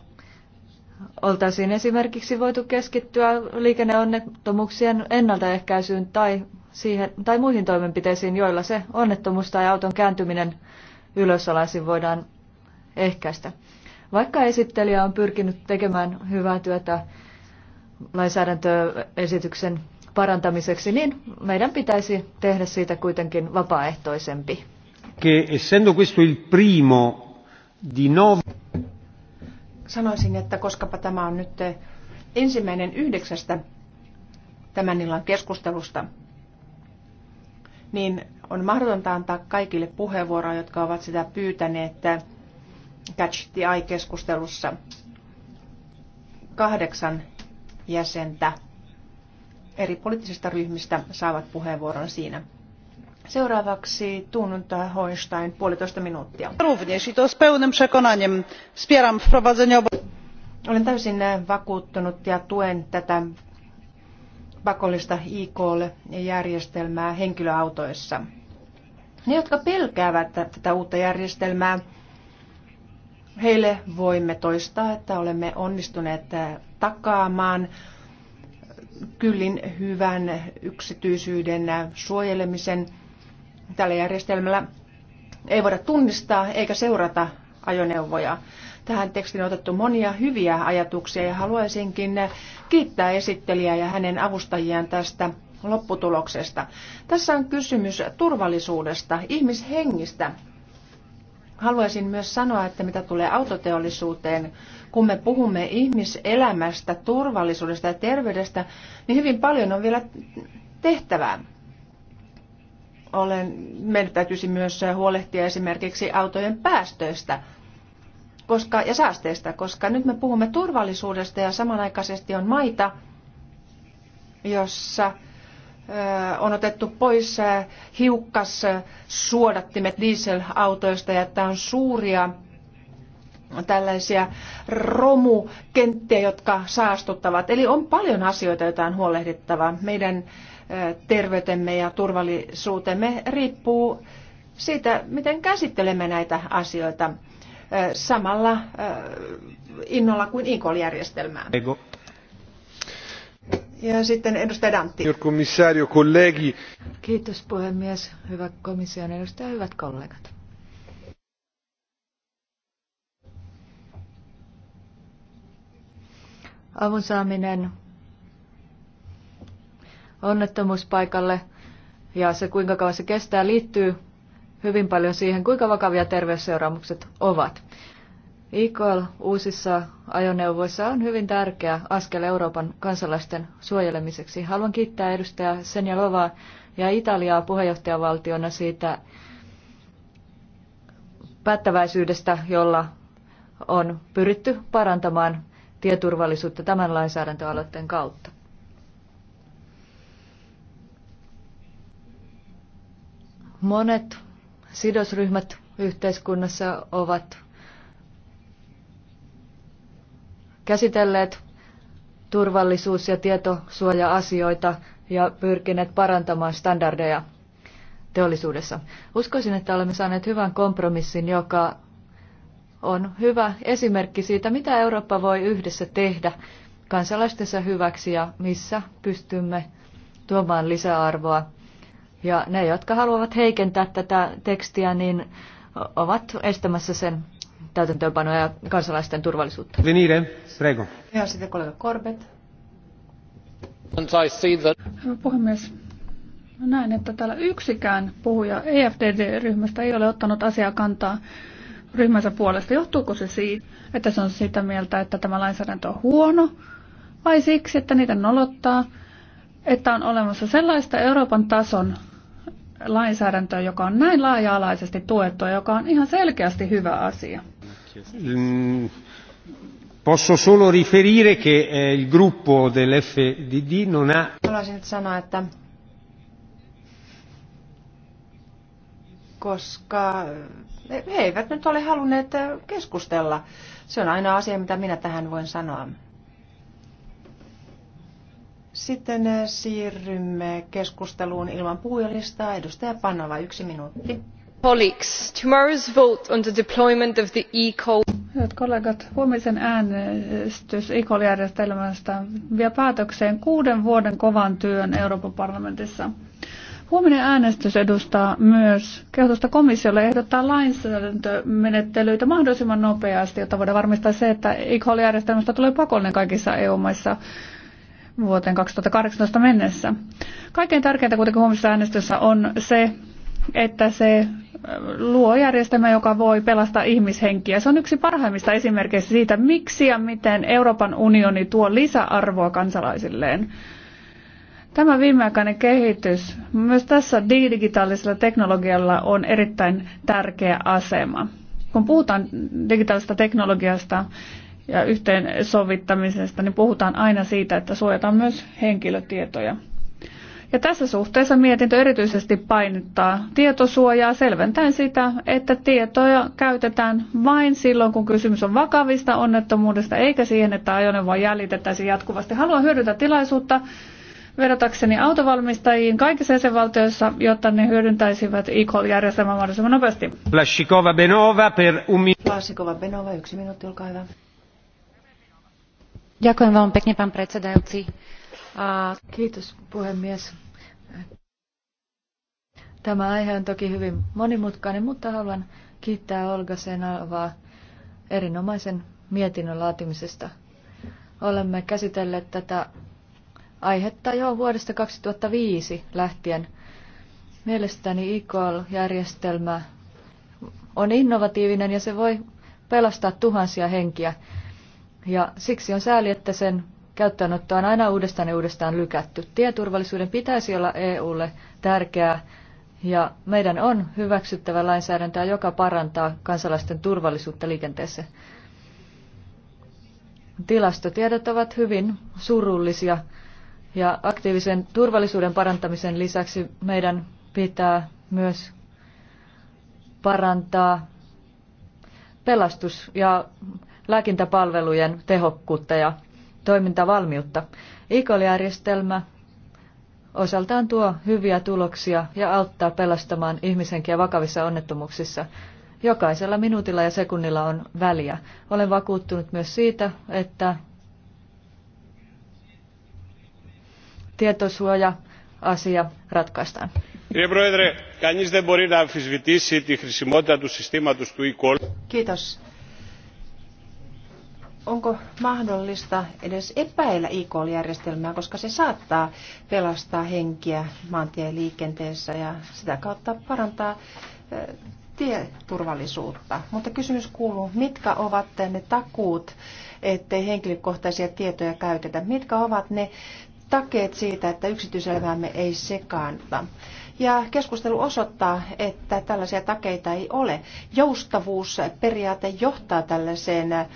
Oltaisiin esimerkiksi voitu keskittyä liikenneonnettomuuksien ennaltaehkäisyyn tai, siihen, tai muihin toimenpiteisiin, joilla se onnettomuus tai auton kääntyminen ylösalaisin voidaan ehkäistä. Vaikka esittelijä on pyrkinyt tekemään hyvää työtä, lainsäädäntöesityksen parantamiseksi, niin meidän pitäisi tehdä siitä kuitenkin vapaaehtoisempi. Che, essendo questo il primo di nove... Sanoisin, että koskapa tämä on nyt ensimmäinen yhdeksästä tämän illan keskustelusta, niin on mahdotonta antaa kaikille puheenvuoroa, jotka ovat sitä pyytäneet Catch the Eye-keskustelussa kahdeksan jäsentä eri poliittisista ryhmistä saavat puheenvuoron siinä. Seuraavaksi Tunnunta Hoinstein, puolitoista minuuttia. Olen täysin vakuuttunut ja tuen tätä pakollista IK-järjestelmää henkilöautoissa. Ne, jotka pelkäävät tätä uutta järjestelmää, Heille voimme toistaa, että olemme onnistuneet äh, takaamaan kyllin hyvän yksityisyyden äh, suojelemisen tällä järjestelmällä. Ei voida tunnistaa eikä seurata ajoneuvoja. Tähän tekstiin on otettu monia hyviä ajatuksia ja haluaisinkin äh, kiittää esittelijää ja hänen avustajiaan tästä lopputuloksesta. Tässä on kysymys turvallisuudesta, ihmishengistä, Haluaisin myös sanoa, että mitä tulee autoteollisuuteen, kun me puhumme ihmiselämästä, turvallisuudesta ja terveydestä, niin hyvin paljon on vielä tehtävää. Olen, meidän täytyisi myös huolehtia esimerkiksi autojen päästöistä koska, ja saasteista, koska nyt me puhumme turvallisuudesta ja samanaikaisesti on maita, jossa on otettu pois hiukkas suodattimet dieselautoista ja että on suuria tällaisia romukenttiä, jotka saastuttavat. Eli on paljon asioita, joita on huolehdittava. Meidän terveytemme ja turvallisuutemme riippuu siitä, miten käsittelemme näitä asioita samalla innolla kuin IKOL-järjestelmää. Ja sitten edustaja Dantti. Komissario, kollegi. Kiitos puhemies, hyvä komission edustaja, hyvät kollegat. Avun saaminen onnettomuuspaikalle ja se kuinka kauan se kestää liittyy hyvin paljon siihen, kuinka vakavia terveysseuraamukset ovat. ICOL uusissa ajoneuvoissa on hyvin tärkeä askel Euroopan kansalaisten suojelemiseksi. Haluan kiittää edustaja Lovaa ja Italiaa puheenjohtajavaltiona siitä päättäväisyydestä, jolla on pyritty parantamaan tieturvallisuutta tämän lainsäädäntöaloitteen kautta. Monet sidosryhmät yhteiskunnassa ovat käsitelleet turvallisuus- ja tietosuoja-asioita ja pyrkineet parantamaan standardeja teollisuudessa. Uskoisin, että olemme saaneet hyvän kompromissin, joka on hyvä esimerkki siitä, mitä Eurooppa voi yhdessä tehdä kansalaistensa hyväksi ja missä pystymme tuomaan lisäarvoa. Ja ne, jotka haluavat heikentää tätä tekstiä, niin ovat estämässä sen täytäntöönpanoa ja kansalaisten turvallisuutta. Niiden, Rego. Ja sitten kollega Corbett. Hyvä puhemies. Näen, että täällä yksikään puhuja EFDD-ryhmästä ei ole ottanut asiaa kantaa ryhmänsä puolesta. Johtuuko se siitä, että se on sitä mieltä, että tämä lainsäädäntö on huono, vai siksi, että niitä nolottaa, että on olemassa sellaista Euroopan tason lainsäädäntöä, joka on näin laaja-alaisesti tuettua, joka on ihan selkeästi hyvä asia. Mm, posso solo riferire che eh, il gruppo dell'FDD non ha... Haluaisin sanoa, että koska he eivät nyt ole halunneet eh, keskustella. Se on aina asia, mitä minä tähän voin sanoa. Sitten eh, siirrymme keskusteluun ilman puhujalistaa. Edustaja Panova, yksi minuutti. Hyvät kollegat, huomisen äänestys ICOL-järjestelmästä vie päätökseen kuuden vuoden kovan työn Euroopan parlamentissa. Huominen äänestys edustaa myös kehotusta komissiolle ehdottaa lainsäädäntömenettelyitä mahdollisimman nopeasti, jotta voidaan varmistaa se, että ICOL-järjestelmästä tulee pakollinen kaikissa EU-maissa vuoteen 2018 mennessä. Kaikkein tärkeintä kuitenkin huomisessa äänestössä on se, että se luo järjestelmä, joka voi pelastaa ihmishenkiä. Se on yksi parhaimmista esimerkkeistä siitä, miksi ja miten Euroopan unioni tuo lisäarvoa kansalaisilleen. Tämä viimeaikainen kehitys myös tässä digitaalisella teknologialla on erittäin tärkeä asema. Kun puhutaan digitaalisesta teknologiasta ja yhteensovittamisesta, niin puhutaan aina siitä, että suojataan myös henkilötietoja. Ja tässä suhteessa mietintö erityisesti painottaa tietosuojaa selventäen sitä, että tietoja käytetään vain silloin, kun kysymys on vakavista onnettomuudesta, eikä siihen, että ajoneuvoa jäljitettäisiin jatkuvasti. Haluan hyödyntää tilaisuutta vedotakseni autovalmistajiin kaikissa jäsenvaltioissa, jotta ne hyödyntäisivät e-call-järjestelmän mahdollisimman nopeasti. Plasikova Benova per umi... Plasikova Benova, yksi minuutti, olkaa hyvä. Ďakujem veľmi pekne, pán predsedajúci. Kiitos puhemies. Tämä aihe on toki hyvin monimutkainen, mutta haluan kiittää Olga Senalvaa erinomaisen mietinnön laatimisesta. Olemme käsitelleet tätä aihetta jo vuodesta 2005 lähtien. Mielestäni ikl järjestelmä on innovatiivinen ja se voi pelastaa tuhansia henkiä. Ja siksi on sääli, että sen käyttöönottoa on aina uudestaan ja uudestaan lykätty. Tieturvallisuuden pitäisi olla EUlle tärkeää ja meidän on hyväksyttävä lainsäädäntöä, joka parantaa kansalaisten turvallisuutta liikenteessä. Tilastotiedot ovat hyvin surullisia ja aktiivisen turvallisuuden parantamisen lisäksi meidän pitää myös parantaa pelastus- ja lääkintäpalvelujen tehokkuutta ja toimintavalmiutta. ikoljärjestelmä järjestelmä osaltaan tuo hyviä tuloksia ja auttaa pelastamaan ihmisenkiä vakavissa onnettomuuksissa. Jokaisella minuutilla ja sekunnilla on väliä. Olen vakuuttunut myös siitä, että tietosuoja asia ratkaistaan. Κύριε Πρόεδρε, κανείς δεν μπορεί να αμφισβητήσει τη χρησιμότητα του συστήματος του e-call. Kiitos onko mahdollista edes epäillä IK-järjestelmää, koska se saattaa pelastaa henkiä maantieliikenteessä ja sitä kautta parantaa tieturvallisuutta. Mutta kysymys kuuluu, mitkä ovat ne takuut, ettei henkilökohtaisia tietoja käytetä? Mitkä ovat ne takeet siitä, että yksityiselämäämme ei sekaanta? Ja keskustelu osoittaa, että tällaisia takeita ei ole. Joustavuusperiaate johtaa tällaiseen äh,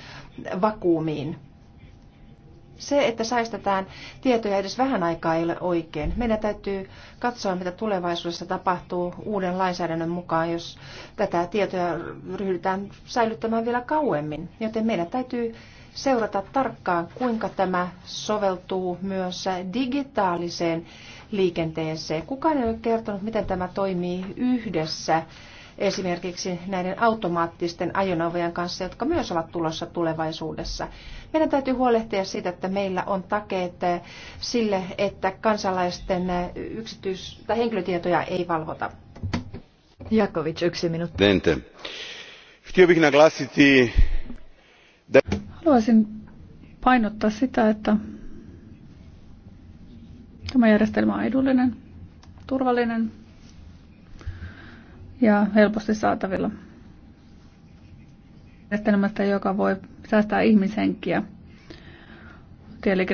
vakuumiin. Se, että säästetään tietoja edes vähän aikaa ei ole oikein. Meidän täytyy katsoa, mitä tulevaisuudessa tapahtuu uuden lainsäädännön mukaan, jos tätä tietoja ryhdytään säilyttämään vielä kauemmin. Joten meidän täytyy seurata tarkkaan, kuinka tämä soveltuu myös digitaaliseen liikenteeseen. Kukaan ei ole kertonut, miten tämä toimii yhdessä esimerkiksi näiden automaattisten ajoneuvojen kanssa, jotka myös ovat tulossa tulevaisuudessa. Meidän täytyy huolehtia siitä, että meillä on takeet sille, että kansalaisten yksityis- tai henkilötietoja ei valvota. Jakovic, yksi minuutti. Htio bih naglasiti da... Haluaisin painottaa sitä, että tämä järjestelmä on edullinen, turvallinen ja helposti saatavilla. Järjestelmästä, joka voi säästää ihmishenkiä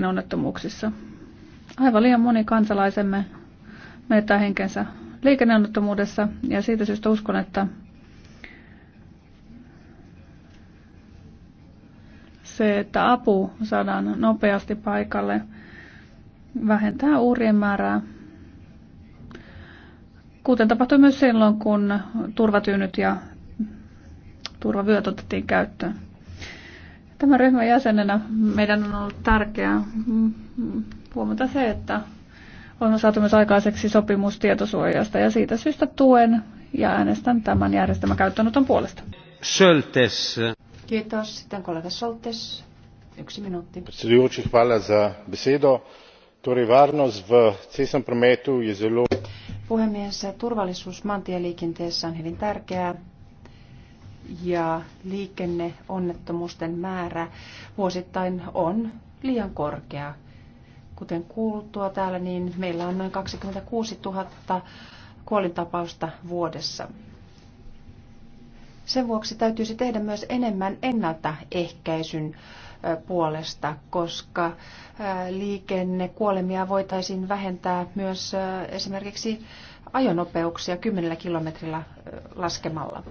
onnettomuuksissa. Aivan liian moni kansalaisemme menettää henkensä liikenneonnettomuudessa ja siitä syystä uskon, että se, että apu saadaan nopeasti paikalle, vähentää uhrien määrää. Kuten tapahtui myös silloin, kun turvatyynyt ja turvavyöt otettiin käyttöön. Tämän ryhmän jäsenenä meidän on ollut tärkeää huomata se, että on saatu myös aikaiseksi sopimus tietosuojasta ja siitä syystä tuen ja äänestän tämän järjestelmän käyttöönoton puolesta. Schultes. Kiitos. Sitten kollega Soltes. Yksi minuutti. Predsedujoči, hvala za besedo. Torej varnost v cestnem prometu je zelo... Puhemies, turvallisuus maantieliikenteessä on hyvin tärkeää ja liikenneonnettomuusten määrä vuosittain on liian korkea. Kuten kuultua täällä, niin meillä on noin 26 000 kuolintapausta vuodessa. Sen vuoksi täytyisi tehdä myös enemmän ennaltaehkäisyn puolesta, koska liikennekuolemia voitaisiin vähentää myös esimerkiksi ajonopeuksia kymmenellä kilometrillä laskemalla.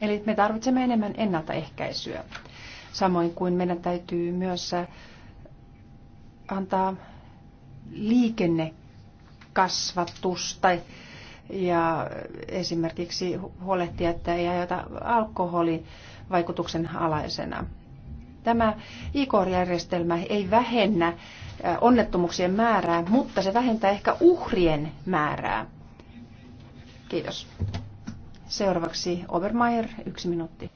Eli me tarvitsemme enemmän ennaltaehkäisyä. Samoin kuin meidän täytyy myös antaa tai ja esimerkiksi huolehtia, että ei ajata vaikutuksen alaisena. Tämä IKOR-järjestelmä ei vähennä onnettomuuksien määrää, mutta se vähentää ehkä uhrien määrää. Kiitos. Seuraavaksi Obermeier, yksi minuutti.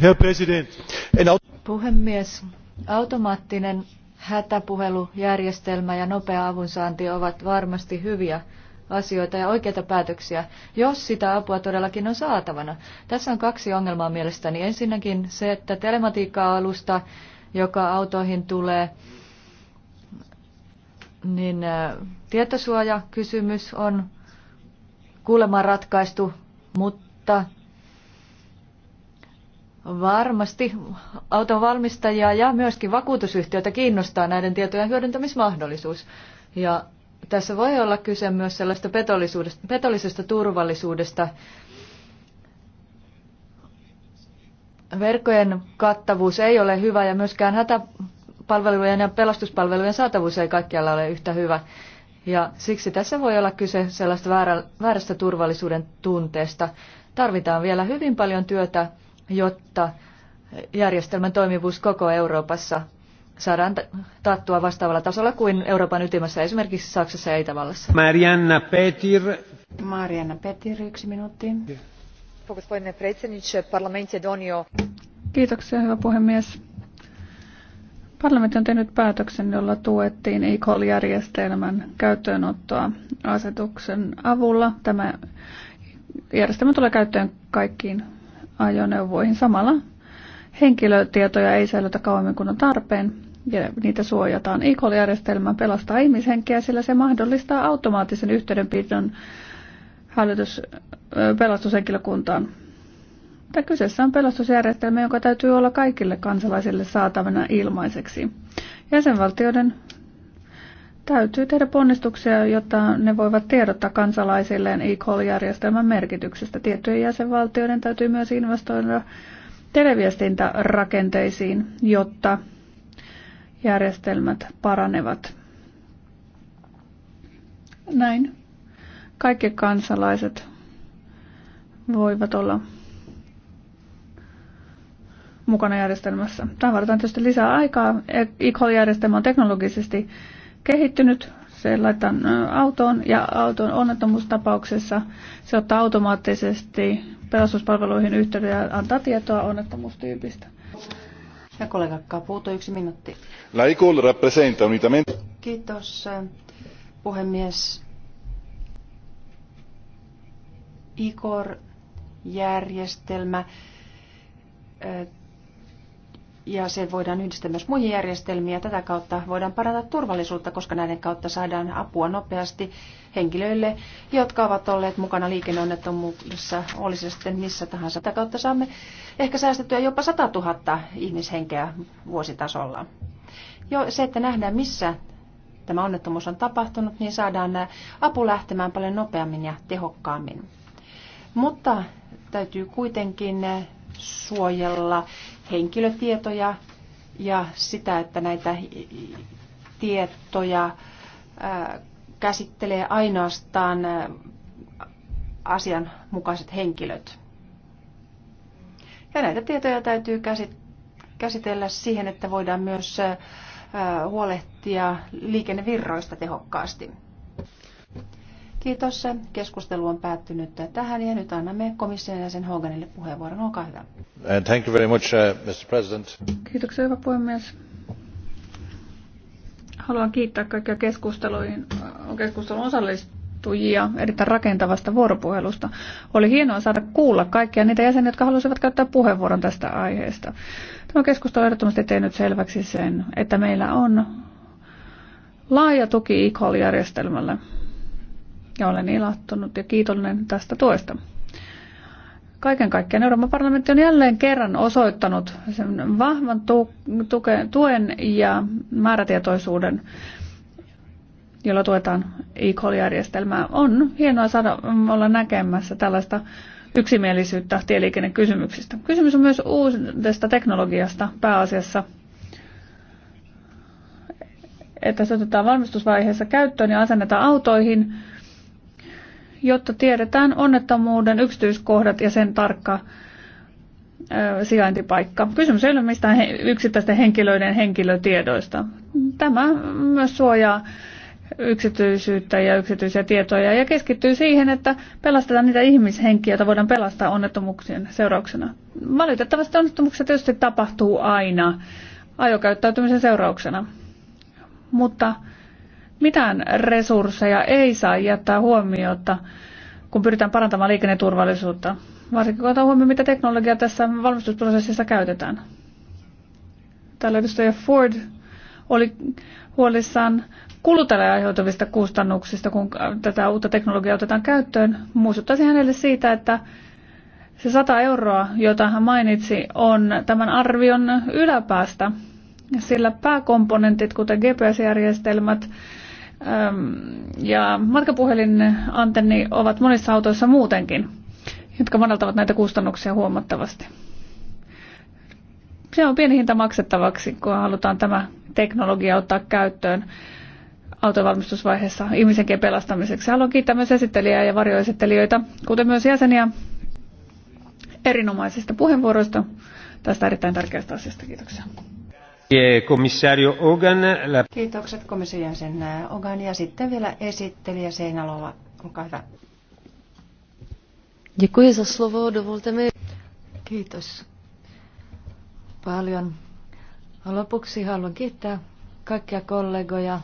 Herr President, Puhemies, automaattinen hätäpuhelujärjestelmä ja nopea avunsaanti ovat varmasti hyviä asioita ja oikeita päätöksiä, jos sitä apua todellakin on saatavana. Tässä on kaksi ongelmaa mielestäni. Ensinnäkin se, että telematiikka-alusta, joka autoihin tulee, niin äh, tietosuojakysymys on kuulemma ratkaistu, mutta varmasti auton valmistajia ja myöskin vakuutusyhtiöitä kiinnostaa näiden tietojen hyödyntämismahdollisuus. Ja tässä voi olla kyse myös sellaista petollisuudesta, petollisesta turvallisuudesta. Verkkojen kattavuus ei ole hyvä ja myöskään hätäpalvelujen ja pelastuspalvelujen saatavuus ei kaikkialla ole yhtä hyvä. Ja siksi tässä voi olla kyse sellaista väärä, väärästä turvallisuuden tunteesta. Tarvitaan vielä hyvin paljon työtä, jotta järjestelmän toimivuus koko Euroopassa saadaan taattua vastaavalla tasolla kuin Euroopan ytimessä, esimerkiksi Saksassa ja Itävallassa. Marianna Petir. Marianna Petir, yksi minuutti. Kiitoksia, hyvä puhemies. Parlamentti on tehnyt päätöksen, jolla tuettiin e-call-järjestelmän käyttöönottoa asetuksen avulla. Tämä järjestelmä tulee käyttöön kaikkiin ajoneuvoihin. Samalla henkilötietoja ei säilytä kauemmin kuin on tarpeen ja niitä suojataan. E-call-järjestelmä pelastaa ihmishenkeä, sillä se mahdollistaa automaattisen yhteydenpidon hallitus pelastushenkilökuntaan. Tämä kyseessä on pelastusjärjestelmä, joka täytyy olla kaikille kansalaisille saatavana ilmaiseksi. Jäsenvaltioiden täytyy tehdä ponnistuksia, jotta ne voivat tiedottaa kansalaisilleen e-call-järjestelmän merkityksestä. Tiettyjen jäsenvaltioiden täytyy myös investoida televiestintärakenteisiin, jotta järjestelmät paranevat. Näin. Kaikki kansalaiset voivat olla mukana järjestelmässä. Tämä varataan tietysti lisää aikaa. e järjestelmä on teknologisesti kehittynyt. Se laitetaan autoon ja auton onnettomuustapauksessa se ottaa automaattisesti pelastuspalveluihin yhteyden ja antaa tietoa onnettomuustyypistä. Ja kollega Caputo, yksi minuutti. La ECOL rappresenta unitamente... Kiitos eh, puhemies. ICOR-järjestelmä eh, ja se voidaan yhdistää myös muihin järjestelmiin ja tätä kautta voidaan parantaa turvallisuutta, koska näiden kautta saadaan apua nopeasti henkilöille, jotka ovat olleet mukana liikenneonnettomuudessa, olisi sitten missä tahansa. Tätä kautta saamme ehkä säästettyä jopa 100 000 ihmishenkeä vuositasolla. Jo se, että nähdään missä tämä onnettomuus on tapahtunut, niin saadaan apu lähtemään paljon nopeammin ja tehokkaammin. Mutta täytyy kuitenkin suojella henkilötietoja ja sitä, että näitä tietoja käsittelee ainoastaan asianmukaiset henkilöt. Ja näitä tietoja täytyy käsitellä siihen, että voidaan myös huolehtia liikennevirroista tehokkaasti. Kiitos. Keskustelu on päättynyt tähän ja nyt annamme komission jäsen Hoganille puheenvuoron. Olkaa hyvä. Uh, thank you very much, uh, Mr. President. Kiitoksia, hyvä puhemies. Haluan kiittää kaikkia keskusteluihin, uh, keskustelun osallistujia erittäin rakentavasta vuoropuhelusta. Oli hienoa saada kuulla kaikkia niitä jäseniä, jotka halusivat käyttää puheenvuoron tästä aiheesta. Tämä keskustelu on ehdottomasti tehnyt selväksi sen, että meillä on laaja tuki e järjestelmälle ja olen ilahtunut ja kiitollinen tästä tuesta. Kaiken kaikkiaan Euroopan parlamentti on jälleen kerran osoittanut sen vahvan tuen ja määrätietoisuuden, jolla tuetaan e-call-järjestelmää. On hienoa saada olla näkemässä tällaista yksimielisyyttä tieliikennekysymyksistä. Kysymys on myös uudesta teknologiasta pääasiassa, että se otetaan valmistusvaiheessa käyttöön ja asennetaan autoihin – jotta tiedetään onnettomuuden yksityiskohdat ja sen tarkka ö, sijaintipaikka. Kysymys ei ole mistään he, yksittäisten henkilöiden henkilötiedoista. Tämä myös suojaa yksityisyyttä ja yksityisiä tietoja ja keskittyy siihen, että pelastetaan niitä ihmishenkiä, joita voidaan pelastaa onnettomuuksien seurauksena. Valitettavasti onnettomuuksia tietysti tapahtuu aina ajokäyttäytymisen seurauksena, mutta mitään resursseja ei saa jättää huomiota, kun pyritään parantamaan liikenneturvallisuutta. Varsinkin kun otetaan huomioon, mitä teknologiaa tässä valmistusprosessissa käytetään. Täällä edustaja Ford oli huolissaan kuluttajalle aiheutuvista kustannuksista, kun tätä uutta teknologiaa otetaan käyttöön. Muistuttaisin hänelle siitä, että se 100 euroa, jota hän mainitsi, on tämän arvion yläpäästä, sillä pääkomponentit, kuten GPS-järjestelmät, ja antenni ovat monissa autoissa muutenkin, jotka madaltavat näitä kustannuksia huomattavasti. Se on pieni hinta maksettavaksi, kun halutaan tämä teknologia ottaa käyttöön autovalmistusvaiheessa ihmisenkin pelastamiseksi. Haluan kiittää myös esittelijää ja varjoesittelijöitä, kuten myös jäseniä erinomaisista puheenvuoroista tästä erittäin tärkeästä asiasta. Kiitoksia. Kiitokset komission jäsen Ogan ja sitten vielä esittelijä Seinalova. Olkaa hyvä. Děkuji za slovo, dovolte mi. Kiitos paljon. Lopuksi haluan kiittää kaikkia kollegoja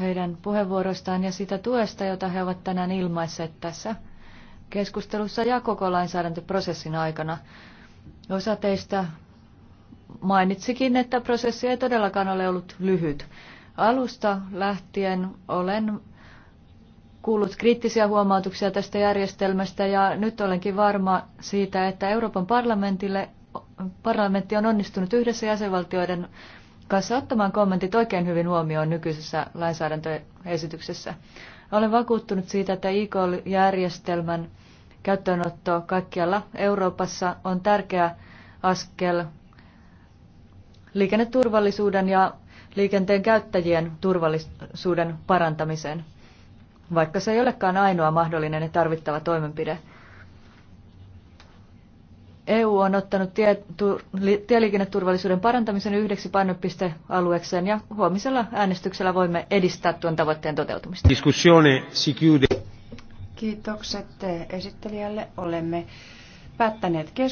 heidän puheenvuoroistaan ja sitä tuesta, jota he ovat tänään ilmaisseet tässä keskustelussa ja koko lainsäädäntöprosessin aikana. Osa teistä mainitsikin, että prosessi ei todellakaan ole ollut lyhyt. Alusta lähtien olen kuullut kriittisiä huomautuksia tästä järjestelmästä ja nyt olenkin varma siitä, että Euroopan parlamentille, parlamentti on onnistunut yhdessä jäsenvaltioiden kanssa ottamaan kommentit oikein hyvin huomioon nykyisessä lainsäädäntöesityksessä. Olen vakuuttunut siitä, että ikol järjestelmän käyttöönotto kaikkialla Euroopassa on tärkeä askel liikenneturvallisuuden ja liikenteen käyttäjien turvallisuuden parantamiseen, vaikka se ei olekaan ainoa mahdollinen ja tarvittava toimenpide. EU on ottanut tie, tu, li, tieliikenneturvallisuuden parantamisen yhdeksi painopistealueekseen ja huomisella äänestyksellä voimme edistää tuon tavoitteen toteutumista. Kiitokset esittelijälle. Olemme päättäneet keskustelun.